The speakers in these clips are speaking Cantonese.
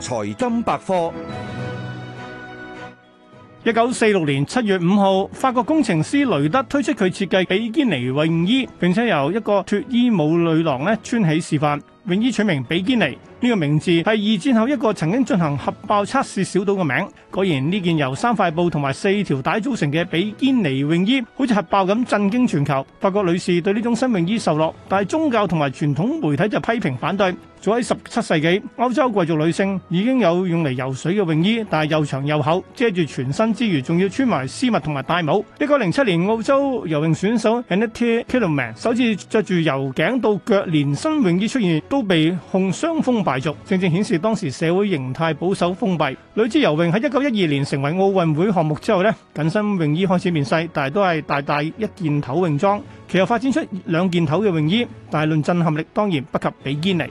財金百科。一九四六年七月五號，法國工程師雷德推出佢設計比堅尼泳衣，並且由一個脫衣舞女郎穿起示範。泳衣取名比堅尼，呢個名字係二戰後一個曾經進行核爆測試小島嘅名。果然呢件由三塊布同埋四條帶組成嘅比堅尼泳衣，好似核爆咁震驚全球。法國女士對呢種新泳衣受落，但係宗教同埋傳統媒體就批評反對。早喺十七世紀，歐洲貴族女性已經有用嚟游水嘅泳衣，但係又長又厚，遮住全身之餘，仲要穿埋絲襪同埋戴帽。一九零七年，澳洲游泳選手 Annette Kellerman 首次着住由頸到腳連身泳衣出現。都被控傷風敗俗，正正顯示當時社會形態保守封閉。女子游泳喺一九一二年成為奧運會項目之後呢，緊身泳衣開始變細，但係都係大大一件頭泳裝。其後發展出兩件頭嘅泳衣，但論論震撼力當然不及比堅尼。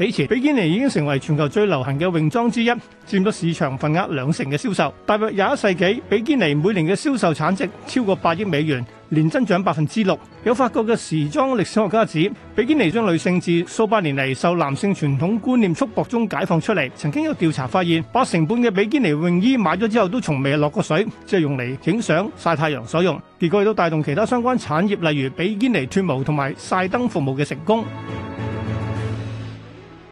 此比前比堅尼已經成為全球最流行嘅泳裝之一，佔咗市場份額兩成嘅銷售。踏入廿一世紀，比堅尼每年嘅銷售產值超過百億美元，年增長百分之六。有法國嘅時裝歷史學家指，比堅尼將女性自數百年嚟受男性傳統觀念束縛中解放出嚟。曾經有調查發現，八成半嘅比堅尼泳衣買咗之後都從未落過水，即係用嚟影相、曬太陽所用。結果亦都帶動其他相關產業，例如比堅尼脫毛同埋曬燈服務嘅成功。